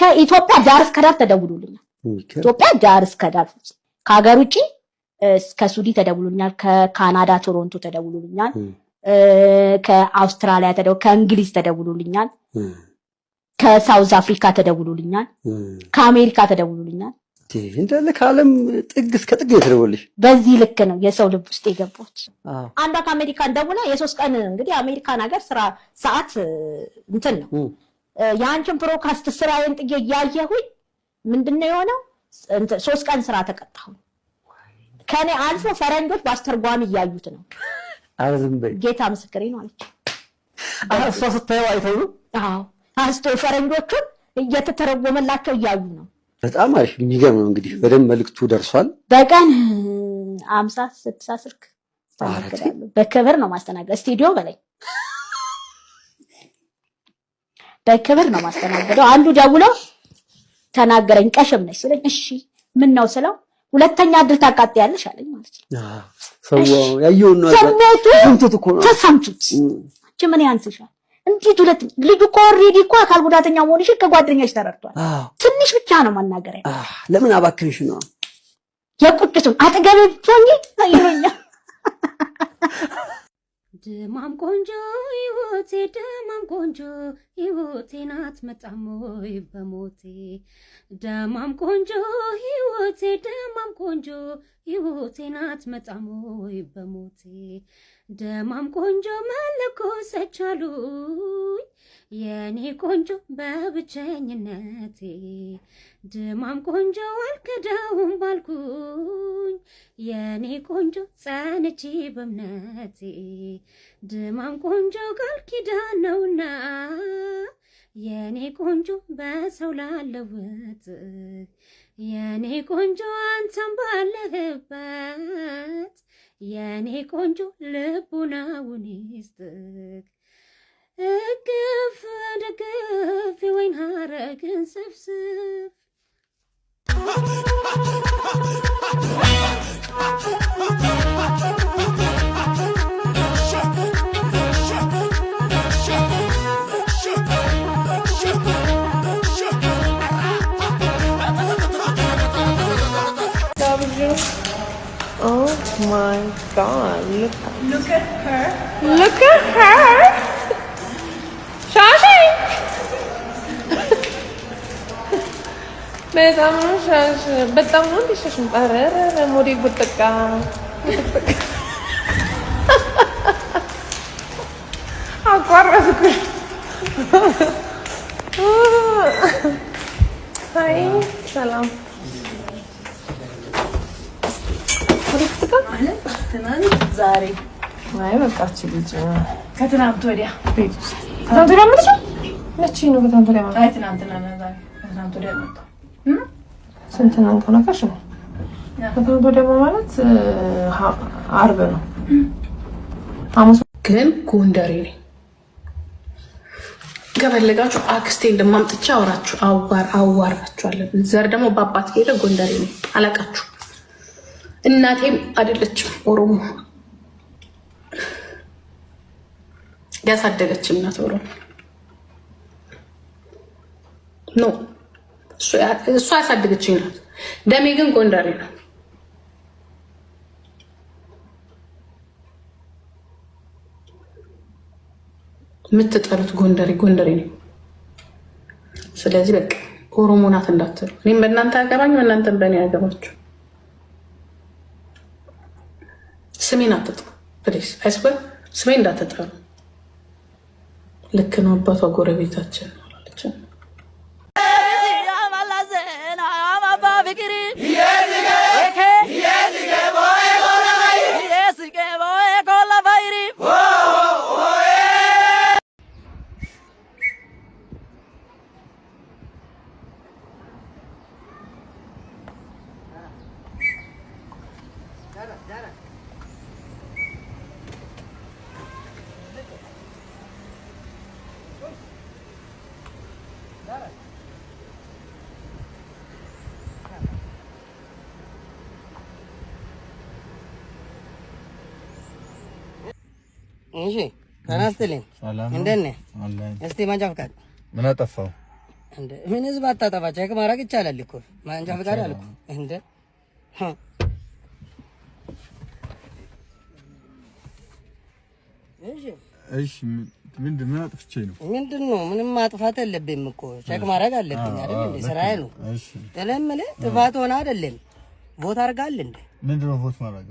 ከኢትዮጵያ ዳር እስከ ዳር ተደውሎልኛል። ኢትዮጵያ ዳር እስከ ዳር ከሀገር ውጭ ከሱዲ ተደውሎልኛል። ከካናዳ ቶሮንቶ ተደውሎልኛል። ከአውስትራሊያ ተደ ከእንግሊዝ ተደውሎልኛል። ከሳውዝ አፍሪካ ተደውሎልኛል። ከአሜሪካ ተደውሎልኛል። እንዳለ ጥግ እስከ ጥግ የተደወልሽ። በዚህ ልክ ነው የሰው ልብ ውስጥ የገባች። አንዷ ከአሜሪካን ደውላ የሶስት ቀን እንግዲህ አሜሪካን ሀገር ስራ ሰዓት እንትን ነው የአንችን ብሮካስት ስራዬን ጥዬ እያየሁኝ ምንድን ነው የሆነው? ሶስት ቀን ስራ ተቀጣሁ። ከኔ አልፎ ፈረንጆች በአስተርጓሚ እያዩት ነው። ጌታ ምስክሬ ነው አለች። እሷ ስታየው አይተው ነው ፈረንጆቹን እየተተረጎመላቸው እያዩ ነው። በጣም አሪፍ የሚገርም ነው። እንግዲህ በደንብ መልዕክቱ ደርሷል። በቀን አምሳ ስድሳ ስልክ በክብር ነው ማስተናገድ ስቱዲዮ በላይ በክብር ነው ማስተናገደው። አንዱ ደውሎ ተናገረኝ፣ ቀሽም ነሽ ስለኝ፣ እሺ ምን ነው ስለው ሁለተኛ እድል ታቃጥያለሽ አለኝ ማለት ነው። ነው ሰውቱ ተሰምቱት አንቺ ምን ያንስሻል? እንዴት ሁለት ልጁ እኮ ኦልሬዲ እኮ አካል ጉዳተኛ መሆንሽን ከጓደኛሽ ተረድቷል። ትንሽ ብቻ ነው መናገር ለምን አባክንሽ ነው የቁጭቱን አጠገቤ ቶኝ ይሉኛል ድማም ቆንጆ ይወቴ ደማም ቆንጆ ይወቴ ናት መጣሞይ በሞቴ ደማም ቆንጆ ይወቴ ደማም ቆንጆ ይወቴ ናት መጣሞይ በሞቴ ደማም ቆንጆ መለኮ ሰቻሉኝ የኔ ቆንጆ በብቸኝነቴ ድማም ቆንጆ አልከዳውም ባልኩኝ የኔ ቆንጆ ጸንቼ በእምነቴ ድማም ቆንጆ ቃል ኪዳን ነውና የኔ ቆንጆ በሰው ላለውት የኔ ቆንጆ አንተም ባለህበት የኔ ቆንጆ ልቡናውን ይስጥክ እቅፍ ደግፍ ወይን ሀረግን ስብስብ Look, look at her. Look at her. Shawshank. Mais I'm not sure. But I'm not sure. I'm not sure. I'm not sure. Hi. Salam. ዛሬ አይ በቃ እቺ ልጅ ከትናንት ወዲያ ቤት ውስጥ ከትናንት ወዲያ መጥቼ መቼ ነው ከትናንት ወዲያ አይ ትናንትና ነው ዛሬ ከትናንት ወዲያ መጣ። ስንት ነው ከነካሽ ነው ከትናንት ወዲያ ማለት ዓርብ ነው። ሐሙስ ግን ጎንደሬ ነኝ። ከፈለጋችሁ አክስቴን እንደማምጥቻ አውራችሁ አዋር አዋራችኋለሁ። ዘር ደግሞ በአባት ሄደ ጎንደሬ ነኝ። አላቃችሁ እናቴም አይደለችም ኦሮሞ ያሳደገች እናት ብሎ ኖ እሷ ያሳደገችኝ ናት። ደሜ ግን ጎንደሬ ነው። የምትጠሉት ጎንደሬ ጎንደሬ ነው። ስለዚህ በቃ ኦሮሞ ናት እንዳትሉ። እኔም በእናንተ አገባኝ፣ እናንተም በእኔ አገባችሁ። ስሜን አትጥሩ ፕሊዝ። አይስበር ስሜን እንዳትጠሩ። ልክ ነው። አባቷ ጎረቤታችን እሺ ደህና ስትልኝ እንደት ነህ? እስቲ መንጃ ፈቃድ ምን አጠፋው? ምን ህዝብ አታጠፋ። ቼክ ማድረግ ይቻላል እኮ መንጃ ፈቃድ አልኩ እንደ እሺ ምንድን ምን አጥፍቼ ነው? ምንድን ነው? ምንም ማጥፋት የለብኝም እኮ ቼክ ማድረግ አለብኝ አይደል እንዴ? ስራዬ ነው ተለምለ ጥፋት ሆነ አይደለም ቦታ አድርጋል እንደ ምንድን ነው ፎት ማድረግ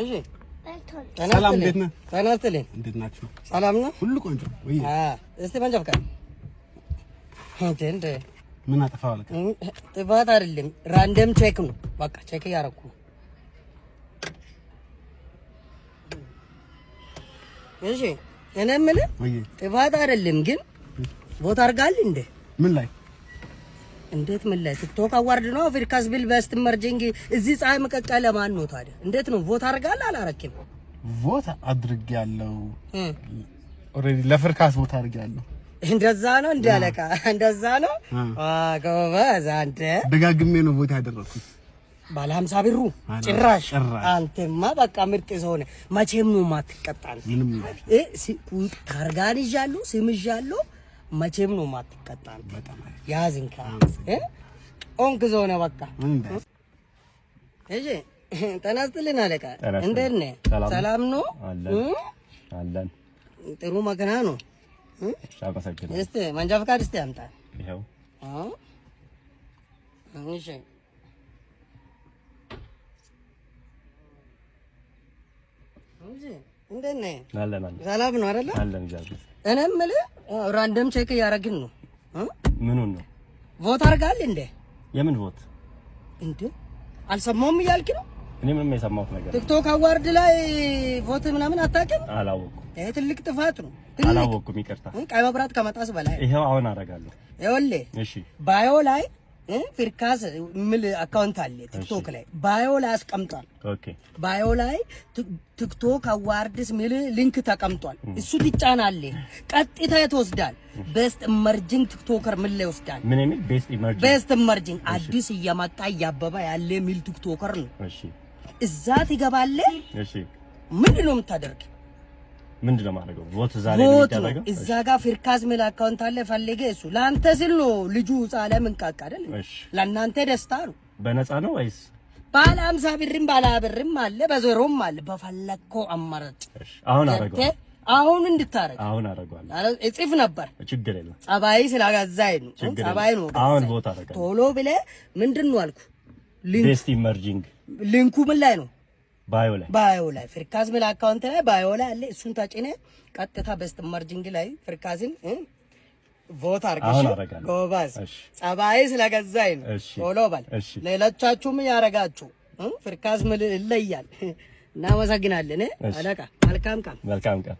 እሺ ሰላም እንዴት ነህ? ጤና ይስጥልኝ። እንዴት ናችሁ? ሰላም ነው ሁሉ ቆንጆ። እስቲ መንጃ ፈቃድ እንዴ እንዴ ምን አጠፋው? አለቀ ጥፋት አይደለም ራንደም ቼክ ነው። በቃ ቼክ እያደረኩ ነው። እሺ እኔ የምልህ ጥፋት አይደለም ግን ቦታ አድርጋል እንዴ ምን ላይ እንዴት ምን ላይ ቲክቶክ አዋርድ ነው? አፍሪካስ ቢል በስት ኢመርጂንግ እዚህ ፀሐይ መቀቀ ለማን ነው ታዲያ? እንዴት ነው ቮት አድርጋለህ አላረክም? ቮት አድርጌያለሁ። ኦልሬዲ ለፍርካስ ቮት አድርጌያለሁ። እንደዛ ነው እንደ አለቃ እንደዛ ነው። ጎበዝ አንተ። ደጋግሜ ነው ቮት ያደረኩት። ባለ ሀምሳ ብሩ ጭራሽ አንተማ በቃ ምርጥ ሰው ነህ። መቼም ነው የማትቀጣ ነው። ታርጋን ይዣለሁ ስም ይዣለሁ መቼም ነው ማትቀጣ። ያዝንካ ኦንክ ዞነ በቃ እሺ። ጤና አለቃ፣ እንዴት ነህ? ሰላም ነው? አለን። ጥሩ መኪና ነው። እስቲ መንጃ ፈቃድ እስቲ አምጣ። ይኸው። እንዴት ነህ? ሰላም ነው አይደለ? እኔ የምልህ ራንደም ቼክ እያደረግን ነው። ምኑን ነው? ቮት አድርገሃል እንዴ? የምን ቮት እንዴ? አልሰማሁም እያልክ ነው? እኔ ምንም የሰማሁት ነገር ቲክቶክ አዋርድ ላይ ቮት ምናምን አታውቅም? አላወኩም። ይሄ ትልቅ ጥፋት ነው። አላወኩም፣ ይቅርታ። ቀይ መብራት ከመጣስ በላይ ይሄው አሁን አደርጋለሁ። ይኸውልህ፣ እሺ፣ ባዮ ላይ ፊርካስ የሚል አካውንት አለ ቲክቶክ ላይ ባዮ ላይ አስቀምጧል። ባዮ ላይ ቲክቶክ አዋርድስ ሚል ሊንክ ተቀምጧል። እሱ ትጫናለ፣ ቀጥታ ትወስዳል። ቤስት ኢመርጂንግ ቲክቶከር ምን ላይ ይወስዳል? ምን የሚል ቤስት ኢመርጂንግ አዲስ እያመጣ እያበባ ያለ ሚል ቲክቶከር ነው። እዛ ትገባለ። ምንድን ነው የምታደርግ ምንድን ነው የማደርገው? ቮት ዛሬ ነው የሚደረገው። እዛ ጋር ፍርካዝ ሚል አካውንት አለ ፈልገ እሱ ለአንተ ስል ነው ልጁ ህፃ ለምንቃቅ አይደል? ለእናንተ ደስታ ነው። በነፃ ነው ወይስ ባለ አምሳ ብርም ባለ ብርም አለ በዘሮም አለ። በፈለግከው አማራጭ አሁን አደረገው። አሁን እንድታረግ አሁን አደረገዋለሁ። እጽፍ ነበር ችግር የለም። ጸባይ ስላጋዛይ ነው። ጸባይ ነው። አሁን ቮት አደረገው። ቶሎ ብለህ ምንድን ነው አልኩ። ሊንክ ቤስት ኢመርጂንግ ሊንኩ ምን ላይ ነው? ባዮ ላይ ባዮ ላይ ፍርካዝ ሚል አካውንት ላይ ባዮ ላይ አለ። እሱን ታጭነ ቀጥታ በስት ማርጂንግ ላይ ፍርካዝን ቮት አርገሽ ጎባዝ ጸባይ ስለገዛኝ ነው። ቶሎ በል። ሌሎቻችሁም ያረጋችሁ ፍርካዝ ሚል ይለያል። እናመሰግናለን። አለቃ መልካም ቀን። መልካም ቀን።